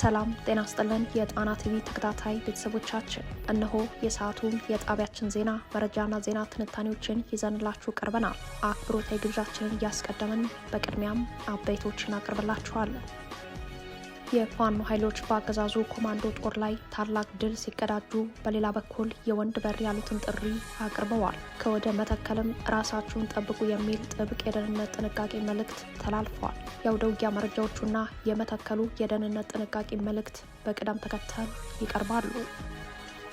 ሰላም ጤና ስጥልን። የጣና ቲቪ ተከታታይ ቤተሰቦቻችን፣ እነሆ የሰዓቱ የጣቢያችን ዜና መረጃና ዜና ትንታኔዎችን ይዘንላችሁ ቀርበናል። አክብሮታዊ ግብዣችንን እያስቀደምን በቅድሚያም አበይቶችን አቅርብላችኋለን። የፋኖ ኃይሎች በአገዛዙ ኮማንዶ ጦር ላይ ታላቅ ድል ሲቀዳጁ፣ በሌላ በኩል የወንድ በር ያሉትን ጥሪ አቅርበዋል። ከወደ መተከልም ራሳችሁን ጠብቁ የሚል ጥብቅ የደህንነት ጥንቃቄ መልእክት ተላልፏል። የአውደ ውጊያ መረጃዎቹና የመተከሉ የደህንነት ጥንቃቄ መልእክት በቅደም ተከተል ይቀርባሉ።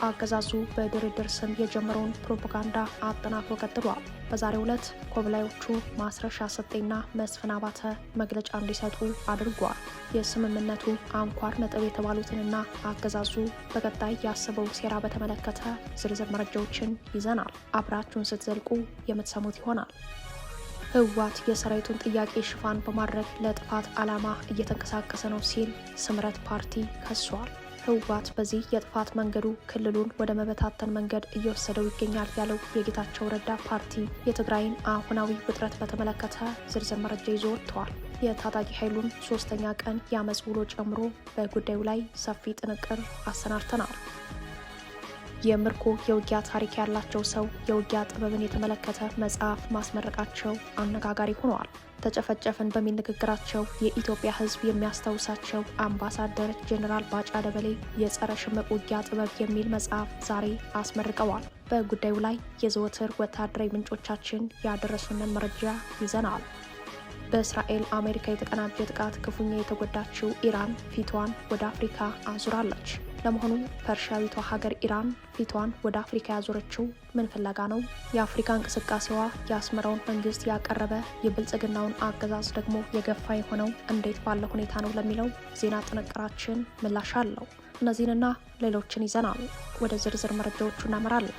አገዛዙ በድርድር ስም የጀመረውን ፕሮፓጋንዳ አጠናክሮ ቀጥሏል። በዛሬው ዕለት ኮብላዮቹ ማስረሻ ሰጤና መስፍን አባተ መግለጫ እንዲሰጡ አድርጓል። የስምምነቱ አንኳር ነጥብ የተባሉትንና አገዛዙ በቀጣይ ያስበው ሴራ በተመለከተ ዝርዝር መረጃዎችን ይዘናል። አብራችሁን ስትዘልቁ የምትሰሙት ይሆናል። ህወሓት የሰራዊቱን ጥያቄ ሽፋን በማድረግ ለጥፋት ዓላማ እየተንቀሳቀሰ ነው ሲል ስምረት ፓርቲ ከሷል። ህወሓት በዚህ የጥፋት መንገዱ ክልሉን ወደ መበታተን መንገድ እየወሰደው ይገኛል ያለው የጌታቸው ረዳ ፓርቲ የትግራይን አሁናዊ ውጥረት በተመለከተ ዝርዝር መረጃ ይዞ ወጥተዋል። የታጣቂ ኃይሉን ሶስተኛ ቀን የአመፅ ውሎ ጨምሮ በጉዳዩ ላይ ሰፊ ጥንቅር አሰናድተናል። የምርኮ የውጊያ ታሪክ ያላቸው ሰው የውጊያ ጥበብን የተመለከተ መጽሐፍ ማስመረቃቸው አነጋጋሪ ሆነዋል። ተጨፈጨፍን በሚል ንግግራቸው የኢትዮጵያ ሕዝብ የሚያስታውሳቸው አምባሳደር ጄኔራል ባጫ ደበሌ የጸረ ሽምቅ ውጊያ ጥበብ የሚል መጽሐፍ ዛሬ አስመርቀዋል። በጉዳዩ ላይ የዘወትር ወታደራዊ ምንጮቻችን ያደረሱንን መረጃ ይዘናል። በእስራኤል አሜሪካ የተቀናጀ ጥቃት ክፉኛ የተጎዳችው ኢራን ፊቷን ወደ አፍሪካ አዙራለች። ለመሆኑ ፐርሺያዊቷ ሀገር ኢራን ፊቷን ወደ አፍሪካ ያዞረችው ምን ፍለጋ ነው? የአፍሪካ እንቅስቃሴዋ የአስመራውን መንግስት ያቀረበ የብልጽግናውን አገዛዝ ደግሞ የገፋ የሆነው እንዴት ባለ ሁኔታ ነው ለሚለው ዜና ጥንቅራችን ምላሽ አለው። እነዚህንና ሌሎችን ይዘናል። ወደ ዝርዝር መረጃዎቹ እናመራለን።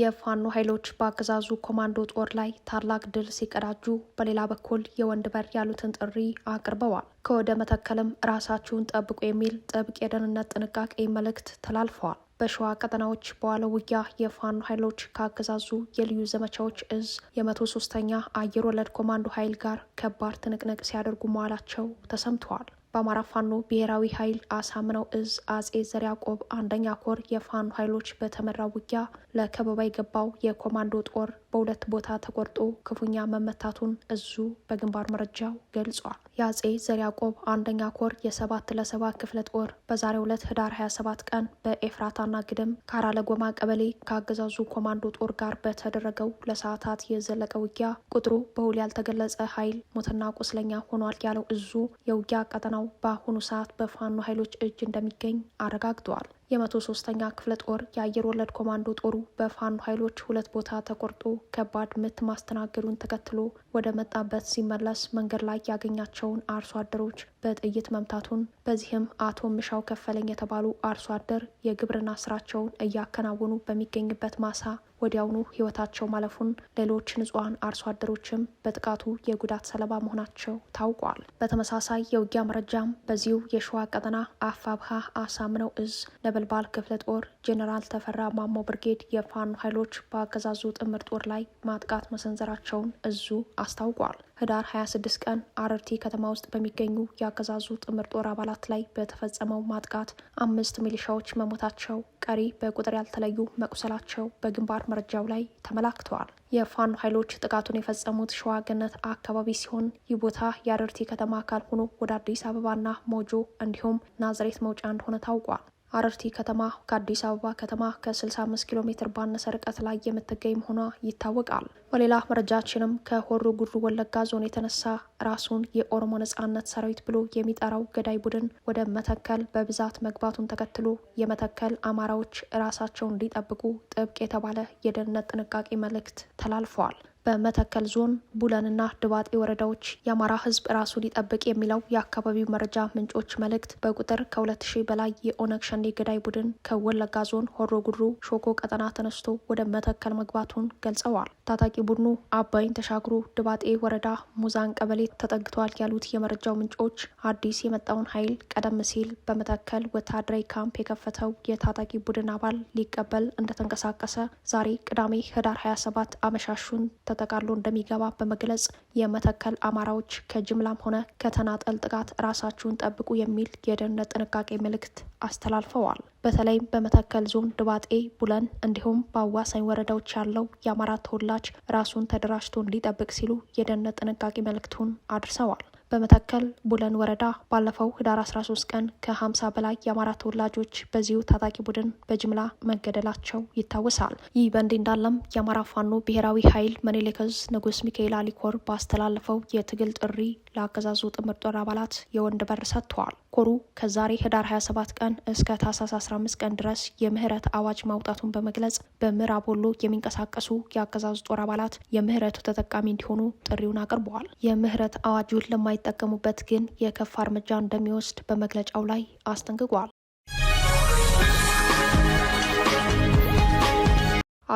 የፋኖ ኃይሎች በአገዛዙ ኮማንዶ ጦር ላይ ታላቅ ድል ሲቀዳጁ በሌላ በኩል የወንድ በር ያሉትን ጥሪ አቅርበዋል። ከወደ መተከልም ራሳችሁን ጠብቁ የሚል ጥብቅ የደህንነት ጥንቃቄ መልእክት ተላልፈዋል። በሸዋ ቀጠናዎች በዋለው ውጊያ የፋኖ ኃይሎች ከአገዛዙ የልዩ ዘመቻዎች እዝ የመቶ ሶስተኛ አየር ወለድ ኮማንዶ ኃይል ጋር ከባድ ትንቅንቅ ሲያደርጉ መዋላቸው ተሰምተዋል። በአማራ ፋኖ ብሔራዊ ኃይል አሳምነው እዝ አጼ ዘርዓ ያዕቆብ አንደኛ ኮር የፋኖ ኃይሎች በተመራ ውጊያ ለከበባ የገባው የኮማንዶ ጦር በሁለት ቦታ ተቆርጦ ክፉኛ መመታቱን እዙ በግንባር መረጃው ገልጿል። የአጼ ዘርያቆብ አንደኛ ኮር የሰባት ለሰባ ክፍለ ጦር በዛሬው ዕለት ህዳር 27 ቀን በኤፍራታና ግድም ካራ ለጎማ ቀበሌ ከአገዛዙ ኮማንዶ ጦር ጋር በተደረገው ለሰዓታት የዘለቀ ውጊያ ቁጥሩ በውል ያልተገለጸ ኃይል ሞትና ቁስለኛ ሆኗል ያለው እዙ የውጊያ ቀጠናው በአሁኑ ሰዓት በፋኖ ኃይሎች እጅ እንደሚገኝ አረጋግጧል። የመቶ ሶስተኛ ክፍለ ጦር የአየር ወለድ ኮማንዶ ጦሩ በፋኖ ኃይሎች ሁለት ቦታ ተቆርጦ ከባድ ምት ማስተናገዱን ተከትሎ ወደ መጣበት ሲመለስ መንገድ ላይ ያገኛቸውን አርሶ አደሮች በጥይት መምታቱን በዚህም አቶ ምሻው ከፈለኝ የተባሉ አርሶ አደር የግብርና ስራቸውን እያከናወኑ በሚገኝበት ማሳ ወዲያውኑ ህይወታቸው ማለፉን፣ ሌሎች ንጹሐን አርሶ አደሮችም በጥቃቱ የጉዳት ሰለባ መሆናቸው ታውቋል። በተመሳሳይ የውጊያ መረጃም በዚሁ የሸዋ ቀጠና አፋብሃ አሳምነው እዝ ነበልባል ክፍለ ጦር ጄኔራል ተፈራ ማሞ ብርጌድ የፋኑ ኃይሎች በአገዛዙ ጥምር ጦር ላይ ማጥቃት መሰንዘራቸውን እዙ አስታውቋል። ህዳር 26 ቀን አረርቲ ከተማ ውስጥ በሚገኙ የአገዛዙ ጥምር ጦር አባላት ላይ በተፈጸመው ማጥቃት አምስት ሚሊሻዎች መሞታቸው ቀሪ በቁጥር ያልተለዩ መቁሰላቸው በግንባር መረጃው ላይ ተመላክተዋል። የፋኖ ኃይሎች ጥቃቱን የፈጸሙት ሸዋገነት አካባቢ ሲሆን ይህ ቦታ የአረርቲ ከተማ አካል ሆኖ ወደ አዲስ አበባና ሞጆ እንዲሁም ናዝሬት መውጫ እንደሆነ ታውቋል። አረርቲ ከተማ ከአዲስ አበባ ከተማ ከ65 ኪሎ ሜትር ባነሰ ርቀት ላይ የምትገኝ መሆኗ ይታወቃል። በሌላ መረጃችንም ከሆሮ ጉሩ ወለጋ ዞን የተነሳ ራሱን የኦሮሞ ነጻነት ሰራዊት ብሎ የሚጠራው ገዳይ ቡድን ወደ መተከል በብዛት መግባቱን ተከትሎ የመተከል አማራዎች ራሳቸውን እንዲጠብቁ ጥብቅ የተባለ የደህንነት ጥንቃቄ መልእክት ተላልፈዋል። በመተከል ዞን ቡለንና ድባጤ ወረዳዎች የአማራ ሕዝብ ራሱ ሊጠብቅ የሚለው የአካባቢው መረጃ ምንጮች መልእክት በቁጥር ከ ሺህ በላይ የኦነግ ሸኔ ገዳይ ቡድን ከወለጋ ዞን ሆሮ ጉድሩ ሾኮ ቀጠና ተነስቶ ወደ መተከል መግባቱን ገልጸዋል። ታጣቂ ቡድኑ አባይን ተሻግሮ ድባጤ ወረዳ ሙዛን ቀበሌ ተጠግቷል ያሉት የመረጃው ምንጮች አዲስ የመጣውን ኃይል ቀደም ሲል በመተከል ወታደራዊ ካምፕ የከፈተው የታጣቂ ቡድን አባል ሊቀበል እንደተንቀሳቀሰ ዛሬ ቅዳሜ ህዳር 27 አመሻሹን ተጠቃሎ እንደሚገባ በመግለጽ የመተከል አማራዎች ከጅምላም ሆነ ከተናጠል ጥቃት ራሳችሁን ጠብቁ የሚል የደህንነት ጥንቃቄ መልእክት አስተላልፈዋል። በተለይም በመተከል ዞን ድባጤ፣ ቡለን እንዲሁም በአዋሳኝ ወረዳዎች ያለው የአማራ ተወላጅ ራሱን ተደራጅቶ እንዲጠብቅ ሲሉ የደህንነት ጥንቃቄ መልእክቱን አድርሰዋል። በመተከል ቡለን ወረዳ ባለፈው ህዳር 13 ቀን ከ50 በላይ የአማራ ተወላጆች በዚሁ ታጣቂ ቡድን በጅምላ መገደላቸው ይታወሳል። ይህ በእንዲህ እንዳለም የአማራ ፋኖ ብሔራዊ ኃይል መኔሌከዝ ንጉስ ሚካኤል አሊኮር ባስተላለፈው የትግል ጥሪ ለአገዛዙ ጥምር ጦር አባላት የወንድ በር ሰጥተዋል። ኮሩ ከዛሬ ህዳር 27 ቀን እስከ ታህሳስ 15 ቀን ድረስ የምህረት አዋጅ ማውጣቱን በመግለጽ በምዕራብ ወሎ የሚንቀሳቀሱ የአገዛዙ ጦር አባላት የምህረቱ ተጠቃሚ እንዲሆኑ ጥሪውን አቅርበዋል። የምህረት አዋጁን ለማይጠቀሙበት ግን የከፍ እርምጃ እንደሚወስድ በመግለጫው ላይ አስጠንቅቋል።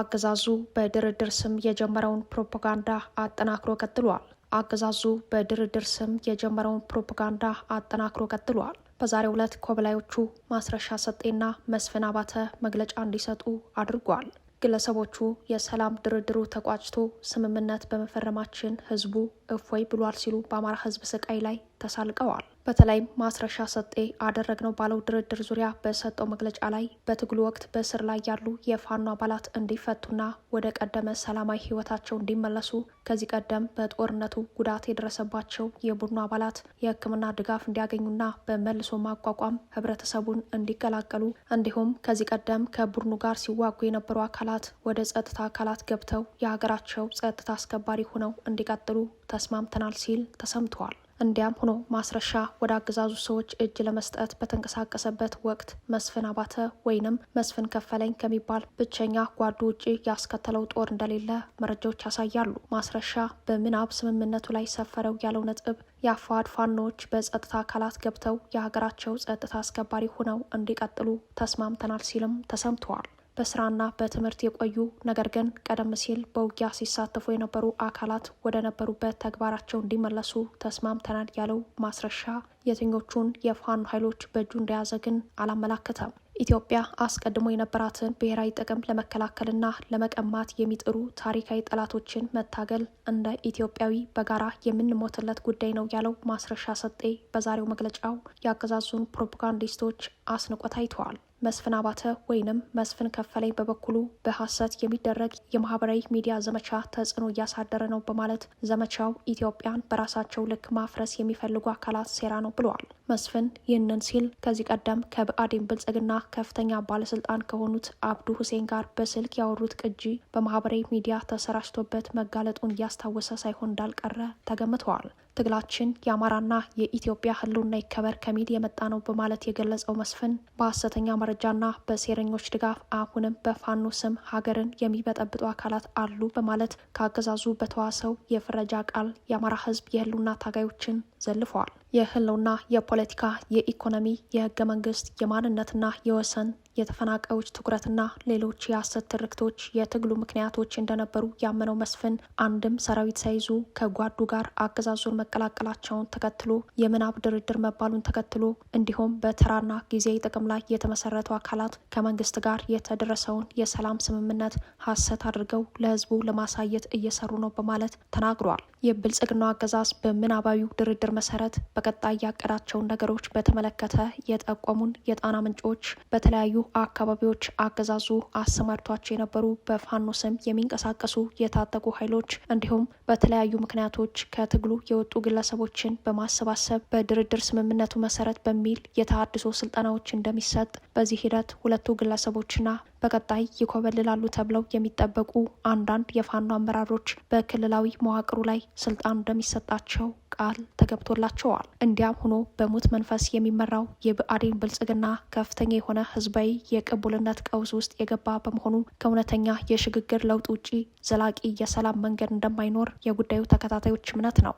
አገዛዙ በድርድር ስም የጀመረውን ፕሮፓጋንዳ አጠናክሮ ቀጥሏል። አገዛዙ በድርድር ስም የጀመረውን ፕሮፓጋንዳ አጠናክሮ ቀጥሏል። በዛሬ ዕለት ኮብላዮቹ ማስረሻ ሰጤና መስፍን አባተ መግለጫ እንዲሰጡ አድርጓል። ግለሰቦቹ የሰላም ድርድሩ ተቋጭቶ ስምምነት በመፈረማችን ህዝቡ እፎይ ብሏል ሲሉ በአማራ ህዝብ ስቃይ ላይ ተሳልቀዋል። በተለይም ማስረሻ ሰጤ አደረግነው ባለው ድርድር ዙሪያ በሰጠው መግለጫ ላይ በትግሉ ወቅት በስር ላይ ያሉ የፋኖ አባላት እንዲፈቱና ወደ ቀደመ ሰላማዊ ሕይወታቸው እንዲመለሱ ከዚህ ቀደም በጦርነቱ ጉዳት የደረሰባቸው የቡድኑ አባላት የሕክምና ድጋፍ እንዲያገኙና በመልሶ ማቋቋም ህብረተሰቡን እንዲቀላቀሉ እንዲሁም ከዚህ ቀደም ከቡድኑ ጋር ሲዋጉ የነበሩ አካላት ወደ ጸጥታ አካላት ገብተው የሀገራቸው ጸጥታ አስከባሪ ሆነው እንዲቀጥሉ ተስማምተናል ሲል ተሰምተዋል። እንዲያም ሆኖ ማስረሻ ወደ አገዛዙ ሰዎች እጅ ለመስጠት በተንቀሳቀሰበት ወቅት መስፍን አባተ ወይንም መስፍን ከፈለኝ ከሚባል ብቸኛ ጓዱ ውጪ ያስከተለው ጦር እንደሌለ መረጃዎች ያሳያሉ። ማስረሻ በምናብ ስምምነቱ ላይ ሰፈረው ያለው ነጥብ የአፋድ ፋኖዎች በጸጥታ አካላት ገብተው የሀገራቸው ጸጥታ አስከባሪ ሆነው እንዲቀጥሉ ተስማምተናል ሲልም ተሰምተዋል። በስራና በትምህርት የቆዩ ነገር ግን ቀደም ሲል በውጊያ ሲሳተፉ የነበሩ አካላት ወደ ነበሩበት ተግባራቸው እንዲመለሱ ተስማምተናል ያለው ማስረሻ የትኞቹን የፋኖ ኃይሎች በእጁ እንደያዘ ግን አላመላከተም። ኢትዮጵያ አስቀድሞ የነበራትን ብሔራዊ ጥቅም ለመከላከልና ለመቀማት የሚጥሩ ታሪካዊ ጠላቶችን መታገል እንደ ኢትዮጵያዊ በጋራ የምንሞትለት ጉዳይ ነው ያለው ማስረሻ ሰጤ በዛሬው መግለጫው የአገዛዙን ፕሮፓጋንዲስቶች አስንቆ ታይተዋል። መስፍን አባተ ወይንም መስፍን ከፈለኝ በበኩሉ በሀሰት የሚደረግ የማህበራዊ ሚዲያ ዘመቻ ተጽዕኖ እያሳደረ ነው በማለት ዘመቻው ኢትዮጵያን በራሳቸው ልክ ማፍረስ የሚፈልጉ አካላት ሴራ ነው ብለዋል። መስፍን ይህንን ሲል ከዚህ ቀደም ከብአዴን ብልጽግና ከፍተኛ ባለስልጣን ከሆኑት አብዱ ሁሴን ጋር በስልክ ያወሩት ቅጂ በማህበራዊ ሚዲያ ተሰራጭቶበት መጋለጡን እያስታወሰ ሳይሆን እንዳልቀረ ተገምተዋል። ትግላችን የአማራና የኢትዮጵያ ህልውና ይከበር ከሚል የመጣ ነው በማለት የገለጸው መስፍን በሀሰተኛ መረጃና በሴረኞች ድጋፍ አሁንም በፋኖ ስም ሀገርን የሚበጠብጡ አካላት አሉ በማለት ከአገዛዙ በተዋሰው የፍረጃ ቃል የአማራ ህዝብ የህልውና ታጋዮችን ዘልፈዋል። የህልውና፣ የፖለቲካ፣ የኢኮኖሚ፣ የህገ መንግስት፣ የማንነትና የወሰን የተፈናቃዮች ትኩረትና ሌሎች የሐሰት ትርክቶች የትግሉ ምክንያቶች እንደነበሩ ያመነው መስፍን አንድም ሰራዊት ሳይዙ ከጓዱ ጋር አገዛዙን መቀላቀላቸውን ተከትሎ የምናብ ድርድር መባሉን ተከትሎ እንዲሁም በተራና ጊዜያዊ ጥቅም ላይ የተመሰረቱ አካላት ከመንግስት ጋር የተደረሰውን የሰላም ስምምነት ሐሰት አድርገው ለህዝቡ ለማሳየት እየሰሩ ነው በማለት ተናግሯል። የብልጽግናው አገዛዝ በምናባዊው ድርድር መሰረት በቀጣይ ያቀዳቸውን ነገሮች በተመለከተ የጠቆሙን የጣና ምንጮች በተለያዩ አካባቢዎች አገዛዙ አሰማርቷቸው የነበሩ በፋኖ ስም የሚንቀሳቀሱ የታጠቁ ኃይሎች እንዲሁም በተለያዩ ምክንያቶች ከትግሉ የወጡ ግለሰቦችን በማሰባሰብ በድርድር ስምምነቱ መሰረት በሚል የተሃድሶ ስልጠናዎች እንደሚሰጥ በዚህ ሂደት ሁለቱ ግለሰቦችና በቀጣይ ይኮበልላሉ ተብለው የሚጠበቁ አንዳንድ የፋኖ አመራሮች በክልላዊ መዋቅሩ ላይ ስልጣን እንደሚሰጣቸው ቃል ተገብቶላቸዋል። እንዲያም ሆኖ በሙት መንፈስ የሚመራው የብአዴን ብልጽግና ከፍተኛ የሆነ ህዝባዊ የቅቡልነት ቀውስ ውስጥ የገባ በመሆኑ ከእውነተኛ የሽግግር ለውጥ ውጪ ዘላቂ የሰላም መንገድ እንደማይኖር የጉዳዩ ተከታታዮች እምነት ነው።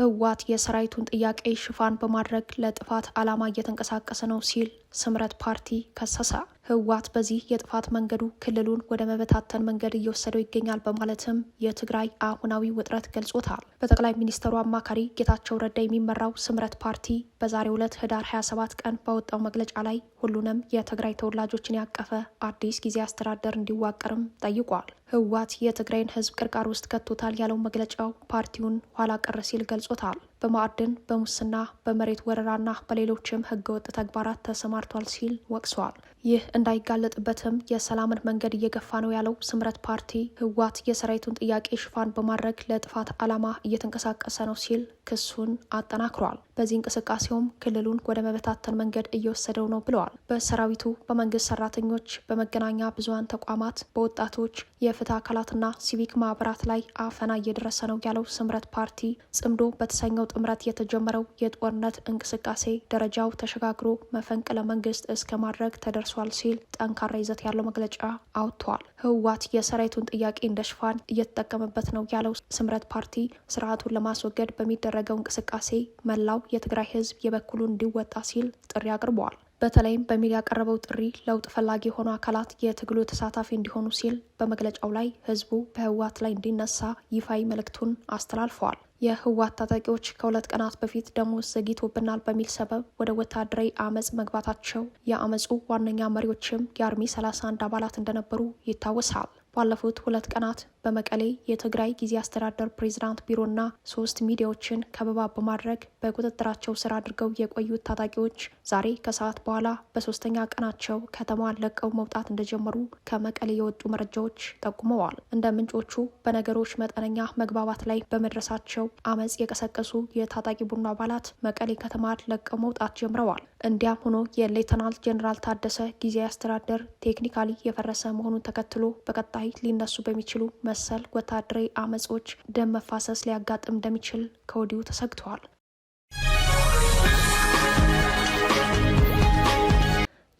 ህወሓት የሰራዊቱን ጥያቄ ሽፋን በማድረግ ለጥፋት ዓላማ እየተንቀሳቀሰ ነው ሲል ስምረት ፓርቲ ከሰሰ። ህወሓት በዚህ የጥፋት መንገዱ ክልሉን ወደ መበታተን መንገድ እየወሰደው ይገኛል በማለትም የትግራይ አሁናዊ ውጥረት ገልጾታል። በጠቅላይ ሚኒስትሩ አማካሪ ጌታቸው ረዳ የሚመራው ስምረት ፓርቲ በዛሬው ዕለት ህዳር 27 ቀን ባወጣው መግለጫ ላይ ሁሉንም የትግራይ ተወላጆችን ያቀፈ አዲስ ጊዜ አስተዳደር እንዲዋቀርም ጠይቋል። ህወሓት የትግራይን ህዝብ ቅርቃር ውስጥ ከቶታል ያለው መግለጫው ፓርቲውን ኋላ ቀር ሲል ገልጾታል። በማዕድን በሙስና በመሬት ወረራና በሌሎችም ህገወጥ ተግባራት ተሰማርቷል ሲል ወቅሷል። ይህ እንዳይጋለጥበትም የሰላምን መንገድ እየገፋ ነው ያለው ስምረት ፓርቲ ህወሓት የሰራዊቱን ጥያቄ ሽፋን በማድረግ ለጥፋት ዓላማ እየተንቀሳቀሰ ነው ሲል ክሱን አጠናክሯል። በዚህ እንቅስቃሴውም ክልሉን ወደ መበታተን መንገድ እየወሰደው ነው ብለዋል። በሰራዊቱ፣ በመንግስት ሰራተኞች፣ በመገናኛ ብዙሃን ተቋማት፣ በወጣቶች የፍትህ አካላትና ሲቪክ ማህበራት ላይ አፈና እየደረሰ ነው ያለው ስምረት ፓርቲ ጽምዶ በተሰኘው ጥምረት የተጀመረው የጦርነት እንቅስቃሴ ደረጃው ተሸጋግሮ መፈንቅለ መንግስት እስከ ማድረግ ተደርሷል ደርሷል ሲል ጠንካራ ይዘት ያለው መግለጫ አውጥቷል። ህወሓት የሰራዊቱን ጥያቄ እንደ ሽፋን እየተጠቀመበት ነው ያለው ስምረት ፓርቲ ስርዓቱን ለማስወገድ በሚደረገው እንቅስቃሴ መላው የትግራይ ህዝብ የበኩሉን እንዲወጣ ሲል ጥሪ አቅርበዋል። በተለይም በሚል ያቀረበው ጥሪ ለውጥ ፈላጊ የሆኑ አካላት የትግሉ ተሳታፊ እንዲሆኑ ሲል በመግለጫው ላይ ህዝቡ በህወሓት ላይ እንዲነሳ ይፋዊ መልእክቱን አስተላልፈዋል። የህወሓት ታጣቂዎች ከሁለት ቀናት በፊት ደሞዝ ዘግይቶብናል በሚል ሰበብ ወደ ወታደራዊ አመፅ መግባታቸው የአመፁ ዋነኛ መሪዎችም የአርሚ 31 አባላት እንደነበሩ ይታወሳል። ባለፉት ሁለት ቀናት በመቀሌ የትግራይ ጊዜ አስተዳደር ፕሬዚዳንት ቢሮና ሶስት ሚዲያዎችን ከበባ በማድረግ በቁጥጥራቸው ስር አድርገው የቆዩት ታጣቂዎች ዛሬ ከሰዓት በኋላ በሶስተኛ ቀናቸው ከተማዋን ለቀው መውጣት እንደጀመሩ ከመቀሌ የወጡ መረጃዎች ጠቁመዋል። እንደ ምንጮቹ በነገሮች መጠነኛ መግባባት ላይ በመድረሳቸው አመፅ የቀሰቀሱ የታጣቂ ቡድኑ አባላት መቀሌ ከተማን ለቀው መውጣት ጀምረዋል። እንዲያም ሆኖ የሌተናል ጄኔራል ታደሰ ጊዜያዊ አስተዳደር ቴክኒካሊ የፈረሰ መሆኑን ተከትሎ በቀጣ በቀጣይ ሊነሱ በሚችሉ መሰል ወታደራዊ አመጾች ደም መፋሰስ ሊያጋጥም እንደሚችል ከወዲሁ ተሰግተዋል።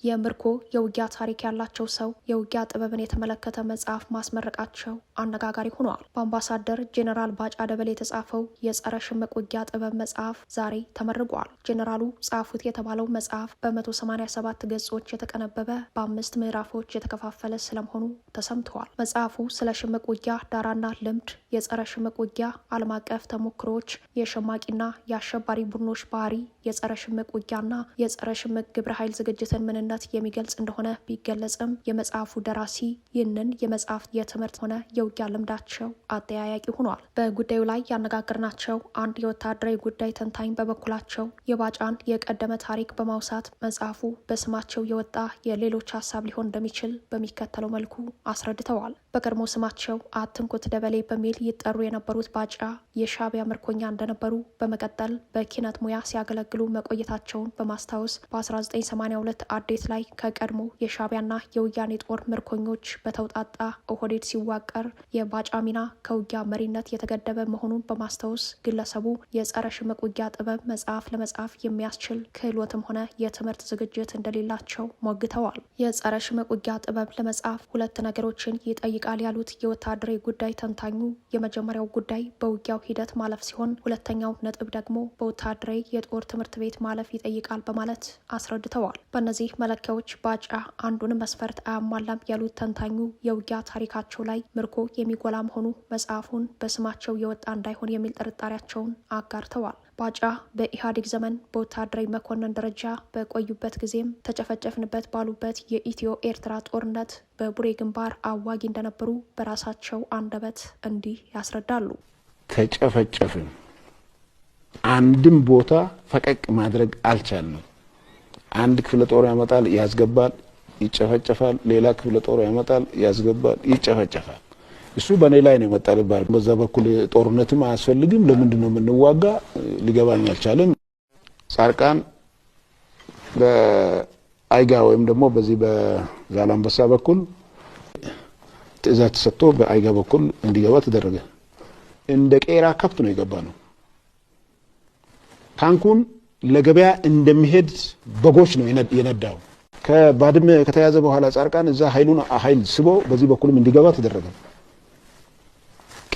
የምርኮ የውጊያ ታሪክ ያላቸው ሰው የውጊያ ጥበብን የተመለከተ መጽሐፍ ማስመረቃቸው አነጋጋሪ ሆነዋል። በአምባሳደር ጄኔራል ባጫ ደበሌ የተጻፈው የጸረ ሽምቅ ውጊያ ጥበብ መጽሐፍ ዛሬ ተመርቋል። ጄኔራሉ ጻፉት የተባለው መጽሐፍ በ187 ገጾች የተቀነበበ በአምስት ምዕራፎች የተከፋፈለ ስለመሆኑ ተሰምተዋል። መጽሐፉ ስለ ሽምቅ ውጊያ ዳራና ልምድ፣ የጸረ ሽምቅ ውጊያ ዓለም አቀፍ ተሞክሮዎች፣ የሸማቂና የአሸባሪ ቡድኖች ባህሪ፣ የጸረ ሽምቅ ውጊያና የጸረ ሽምቅ ግብረ ኃይል ዝግጅትን ምንነ ማንነት የሚገልጽ እንደሆነ ቢገለጽም የመጽሐፉ ደራሲ ይህንን የመጽሐፍ የትምህርት ሆነ የውጊያ ልምዳቸው አጠያያቂ ሆኗል። በጉዳዩ ላይ ያነጋገርናቸው አንድ የወታደራዊ ጉዳይ ተንታኝ በበኩላቸው የባጫን የቀደመ ታሪክ በማውሳት መጽሐፉ በስማቸው የወጣ የሌሎች ሀሳብ ሊሆን እንደሚችል በሚከተለው መልኩ አስረድተዋል። በቀድሞ ስማቸው አትንኩት ደበሌ በሚል ይጠሩ የነበሩት ባጫ የሻቢያ ምርኮኛ እንደነበሩ በመቀጠል በኪነት ሙያ ሲያገለግሉ መቆየታቸውን በማስታወስ በ1982 አዴት ላይ ከቀድሞ የሻቢያና የውያኔ ጦር ምርኮኞች በተውጣጣ ኦህዴድ ሲዋቀር የባጫ ሚና ከውጊያ መሪነት የተገደበ መሆኑን በማስታወስ ግለሰቡ የጸረ ሽምቅ ውጊያ ጥበብ መጽሐፍ ለመጻፍ የሚያስችል ክህሎትም ሆነ የትምህርት ዝግጅት እንደሌላቸው ሞግተዋል። የጸረ ሽምቅ ውጊያ ጥበብ ለመጻፍ ሁለት ነገሮችን ይጠይቃል ያሉት የወታደራዊ ጉዳይ ተንታኙ የመጀመሪያው ጉዳይ በውጊያው ሂደት ማለፍ ሲሆን ሁለተኛው ነጥብ ደግሞ በወታደራዊ የጦር ትምህርት ቤት ማለፍ ይጠይቃል በማለት አስረድተዋል። በእነዚህ መለኪያዎች ባጫ አንዱን መስፈርት አያሟላም ያሉት ተንታኙ የውጊያ ታሪካቸው ላይ ምርኮ የሚጎላ መሆኑ መጽሐፉን በስማቸው የወጣ እንዳይሆን የሚል ጥርጣሬያቸውን አጋርተዋል። ባጫ በኢህአዴግ ዘመን በወታደራዊ መኮንን ደረጃ በቆዩበት ጊዜም ተጨፈጨፍንበት ባሉበት የኢትዮ ኤርትራ ጦርነት በቡሬ ግንባር አዋጊ እንደነበሩ በራሳቸው አንደበት እንዲህ ያስረዳሉ። ተጨፈጨፍን። አንድም ቦታ ፈቀቅ ማድረግ አልቻልንም። አንድ ክፍለ ጦር ያመጣል፣ ያስገባል፣ ይጨፈጨፋል። ሌላ ክፍለ ጦር ያመጣል፣ ያስገባል፣ ይጨፈጨፋል። እሱ በእኔ ላይ ነው የመጣ በዛ በኩል ጦርነትም አያስፈልግም፣ ለምንድን ነው የምንዋጋ? ሊገባኝ አልቻለም። ጻርቃን በአይጋ ወይም ደግሞ በዚህ በዛላምበሳ በኩል ትዕዛዝ ተሰጥቶ በአይጋ በኩል እንዲገባ ተደረገ። እንደ ቄራ ከብት ነው የገባ ነው። ታንኩን ለገበያ እንደሚሄድ በጎች ነው የነዳው። ከባድመ ከተያዘ በኋላ ጻርቃን እዛ ኃይሉን ኃይል ስቦ በዚህ በኩልም እንዲገባ ተደረገ።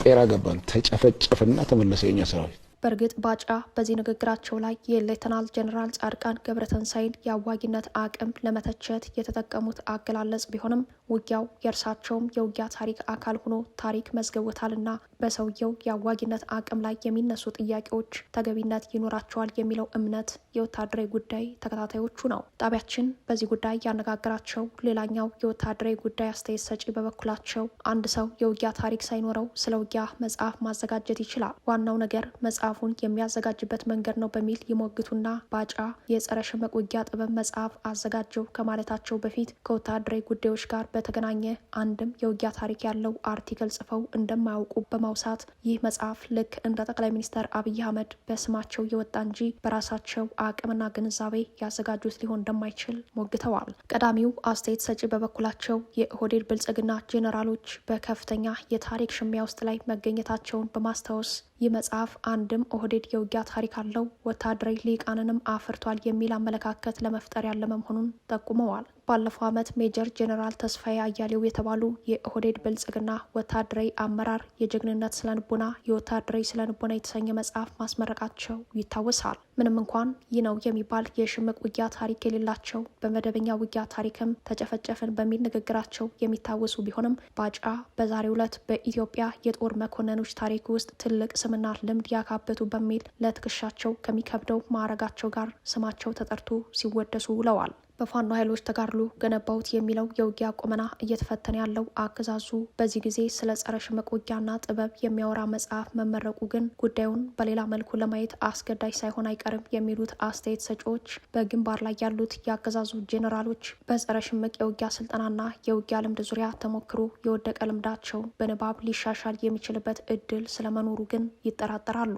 ቄራ ገባን፣ ተጨፈጨፈና ተመለሰ የኛ ሰራዊት። በእርግጥ ባጫ በዚህ ንግግራቸው ላይ የሌተናል ጀኔራል ጻድቃን ገብረተንሳይን የአዋጊነት አቅም ለመተቸት የተጠቀሙት አገላለጽ ቢሆንም ውጊያው የእርሳቸውም የውጊያ ታሪክ አካል ሆኖ ታሪክ መዝግቦታልና በሰውየው የአዋጊነት አቅም ላይ የሚነሱ ጥያቄዎች ተገቢነት ይኖራቸዋል የሚለው እምነት የወታደራዊ ጉዳይ ተከታታዮቹ ነው። ጣቢያችን በዚህ ጉዳይ ያነጋግራቸው ሌላኛው የወታደራዊ ጉዳይ አስተያየት ሰጪ በበኩላቸው አንድ ሰው የውጊያ ታሪክ ሳይኖረው ስለ ውጊያ መጽሐፍ ማዘጋጀት ይችላል። ዋናው ነገር መጽሐፍ መጽሐፉን የሚያዘጋጅበት መንገድ ነው በሚል ይሞግቱና ባጫ የጸረ ሽምቅ ውጊያ ጥበብ መጽሐፍ አዘጋጀው ከማለታቸው በፊት ከወታደራዊ ጉዳዮች ጋር በተገናኘ አንድም የውጊያ ታሪክ ያለው አርቲክል ጽፈው እንደማያውቁ በማውሳት ይህ መጽሐፍ ልክ እንደ ጠቅላይ ሚኒስትር አብይ አህመድ በስማቸው የወጣ እንጂ በራሳቸው አቅምና ግንዛቤ ያዘጋጁት ሊሆን እንደማይችል ሞግተዋል። ቀዳሚው አስተያየት ሰጪ በበኩላቸው የኦህዴድ ብልጽግና ጄኔራሎች በከፍተኛ የታሪክ ሽሚያ ውስጥ ላይ መገኘታቸውን በማስታወስ ይህ መጽሐፍ አንድም ኦህዴድ የውጊያ ታሪክ አለው፣ ወታደራዊ ሊቃንንም አፍርቷል የሚል አመለካከት ለመፍጠር ያለመ መሆኑን ጠቁመዋል። ባለፈው ዓመት ሜጀር ጄኔራል ተስፋዬ አያሌው የተባሉ የኦህዴድ ብልጽግና ወታደራዊ አመራር የጀግንነት ስነልቦና የወታደራዊ ስነልቦና የተሰኘ መጽሐፍ ማስመረቃቸው ይታወሳል። ምንም እንኳን ይህ ነው የሚባል የሽምቅ ውጊያ ታሪክ የሌላቸው በመደበኛ ውጊያ ታሪክም ተጨፈጨፍን በሚል ንግግራቸው የሚታወሱ ቢሆንም ባጫ በዛሬው ዕለት በኢትዮጵያ የጦር መኮንኖች ታሪክ ውስጥ ትልቅ ስምና ልምድ ያካበቱ በሚል ለትከሻቸው ከሚከብደው ማዕረጋቸው ጋር ስማቸው ተጠርቶ ሲወደሱ ውለዋል። በፋኖ ኃይሎች ተጋድሎ ገነባውት የሚለው የውጊያ ቁመና እየተፈተነ ያለው አገዛዙ በዚህ ጊዜ ስለ ጸረ ሽምቅ ውጊያና ጥበብ የሚያወራ መጽሐፍ መመረቁ ግን ጉዳዩን በሌላ መልኩ ለማየት አስገዳጅ ሳይሆን አይቀርም የሚሉት አስተያየት ሰጪዎች በግንባር ላይ ያሉት የአገዛዙ ጄኔራሎች በጸረ ሽምቅ የውጊያ ስልጠናና የውጊያ ልምድ ዙሪያ ተሞክሮ የወደቀ ልምዳቸው በንባብ ሊሻሻል የሚችልበት እድል ስለመኖሩ ግን ይጠራጠራሉ።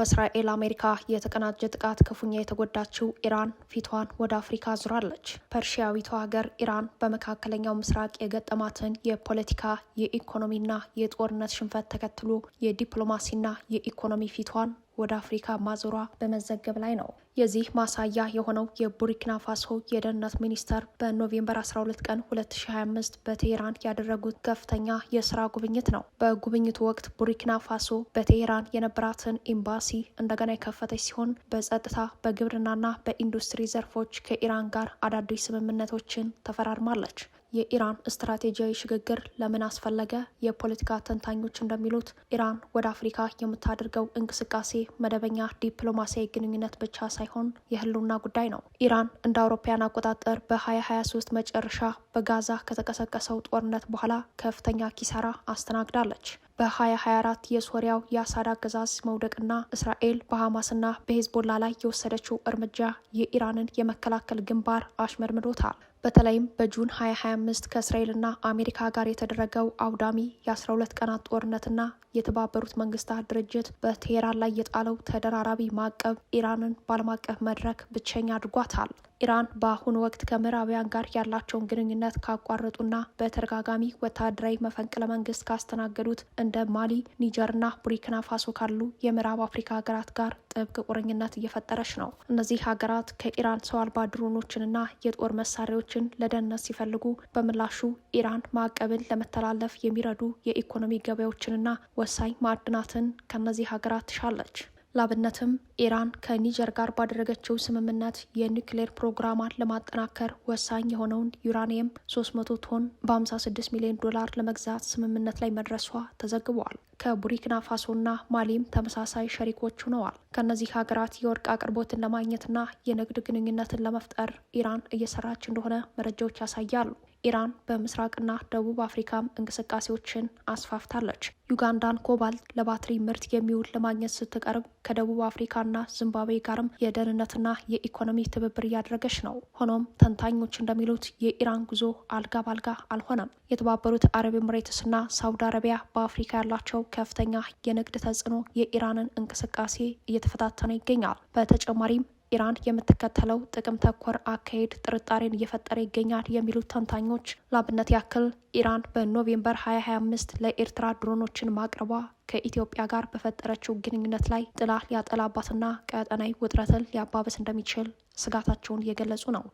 በእስራኤል አሜሪካ የተቀናጀ ጥቃት ክፉኛ የተጎዳችው ኢራን ፊቷን ወደ አፍሪካ አዙራለች። ፐርሺያዊቱ ሀገር ኢራን በመካከለኛው ምስራቅ የገጠማትን የፖለቲካ የኢኮኖሚና የጦርነት ሽንፈት ተከትሎ የዲፕሎማሲና የኢኮኖሚ ፊቷን ወደ አፍሪካ ማዞሯ በመዘገብ ላይ ነው። የዚህ ማሳያ የሆነው የቡርኪና ፋሶ የደህንነት ሚኒስተር በኖቬምበር 12 ቀን 2025 በቴሄራን ያደረጉት ከፍተኛ የስራ ጉብኝት ነው። በጉብኝቱ ወቅት ቡርኪና ፋሶ በቴሄራን የነበራትን ኤምባሲ እንደገና የከፈተች ሲሆን በጸጥታ በግብርናና በኢንዱስትሪ ዘርፎች ከኢራን ጋር አዳዲስ ስምምነቶችን ተፈራርማለች። የኢራን ስትራቴጂያዊ ሽግግር ለምን አስፈለገ? የፖለቲካ ተንታኞች እንደሚሉት ኢራን ወደ አፍሪካ የምታደርገው እንቅስቃሴ መደበኛ ዲፕሎማሲያዊ ግንኙነት ብቻ ሳይሆን የህልውና ጉዳይ ነው። ኢራን እንደ አውሮፓያን አቆጣጠር በ2023 መጨረሻ በጋዛ ከተቀሰቀሰው ጦርነት በኋላ ከፍተኛ ኪሳራ አስተናግዳለች። በ2024 የሶሪያው የአሳድ አገዛዝ መውደቅና እስራኤል በሐማስና በሄዝቦላ ላይ የወሰደችው እርምጃ የኢራንን የመከላከል ግንባር አሽመርምዶታል። በተለይም በጁን 2025 ከእስራኤልና አሜሪካ ጋር የተደረገው አውዳሚ የ12 ቀናት ጦርነትና የተባበሩት መንግስታት ድርጅት በቴሄራን ላይ የጣለው ተደራራቢ ማዕቀብ ኢራንን በዓለም አቀፍ መድረክ ብቸኛ አድርጓታል። ኢራን በአሁኑ ወቅት ከምዕራባውያን ጋር ያላቸውን ግንኙነት ካቋረጡና በተደጋጋሚ ወታደራዊ መፈንቅለ መንግስት ካስተናገዱት እንደ ማሊ፣ ኒጀርና ቡርኪና ፋሶ ካሉ የምዕራብ አፍሪካ ሀገራት ጋር ጥብቅ ቁርኝነት እየፈጠረች ነው። እነዚህ ሀገራት ከኢራን ሰው አልባ ድሮኖችንና የጦር መሳሪያዎች ሀገሮችን ለደህንነት ሲፈልጉ በምላሹ ኢራን ማዕቀብን ለመተላለፍ የሚረዱ የኢኮኖሚ ገበያዎችንና ወሳኝ ማዕድናትን ከነዚህ ሀገራት ትሻለች። ላብነትም ኢራን ከኒጀር ጋር ባደረገችው ስምምነት የኒውክሌር ፕሮግራሟን ለማጠናከር ወሳኝ የሆነውን ዩራኒየም 300 ቶን በ56 ሚሊዮን ዶላር ለመግዛት ስምምነት ላይ መድረሷ ተዘግቧል። ከቡርኪና ፋሶና ማሊም ተመሳሳይ ሸሪኮች ሆነዋል። ከእነዚህ ሀገራት የወርቅ አቅርቦትን ለማግኘትና የንግድ ግንኙነትን ለመፍጠር ኢራን እየሰራች እንደሆነ መረጃዎች ያሳያሉ። ኢራን በምስራቅና ደቡብ አፍሪካም እንቅስቃሴዎችን አስፋፍታለች። ዩጋንዳን ኮባልት ለባትሪ ምርት የሚውል ለማግኘት ስትቀርብ ከደቡብ አፍሪካና ዚምባብዌ ጋርም የደህንነትና የኢኮኖሚ ትብብር እያደረገች ነው። ሆኖም ተንታኞች እንደሚሉት የኢራን ጉዞ አልጋ ባልጋ አልሆነም። የተባበሩት አረብ ኤምሬትስና ሳውዲ አረቢያ በአፍሪካ ያላቸው ከፍተኛ የንግድ ተጽዕኖ የኢራንን እንቅስቃሴ እየተፈታተነ ይገኛል። በተጨማሪም ኢራን የምትከተለው ጥቅም ተኮር አካሄድ ጥርጣሬን እየፈጠረ ይገኛል የሚሉት ተንታኞች ላብነት ያክል ኢራን በኖቬምበር 2025 ለኤርትራ ድሮኖችን ማቅረቧ ከኢትዮጵያ ጋር በፈጠረችው ግንኙነት ላይ ጥላ ሊያጠላባትና ቀጠናዊ ውጥረትን ሊያባበስ እንደሚችል ስጋታቸውን እየገለጹ ነው።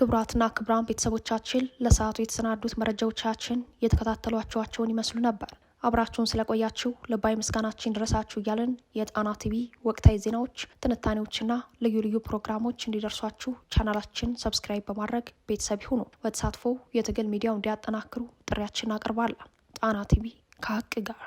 ክብራትና ክብራን ቤተሰቦቻችን ለሰዓቱ የተሰናዱት መረጃዎቻችን የተከታተሏቸዋቸውን ይመስሉ ነበር። አብራችሁን ስለቆያችሁ ልባዊ ምስጋናችን ድረሳችሁ እያለን የጣና ቲቪ ወቅታዊ ዜናዎች፣ ትንታኔዎችና ልዩ ልዩ ፕሮግራሞች እንዲደርሷችሁ ቻናላችን ሰብስክራይብ በማድረግ ቤተሰብ ይሁኑ። በተሳትፎ የትግል ሚዲያው እንዲያጠናክሩ ጥሪያችን አቅርባለን። ጣና ቲቪ ከሀቅ ጋር